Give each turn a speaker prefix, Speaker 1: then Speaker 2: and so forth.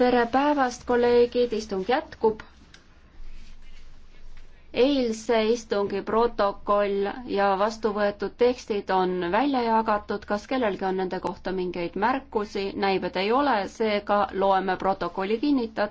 Speaker 1: tere päevast, kolleegid, istung jätkub. eilse istungi protokoll ja vastu võetud tekstid on välja jagatud, kas kellelgi on nende kohta mingeid märkusi, näib, et ei ole, seega
Speaker 2: loeme protokolli kinnitatuks.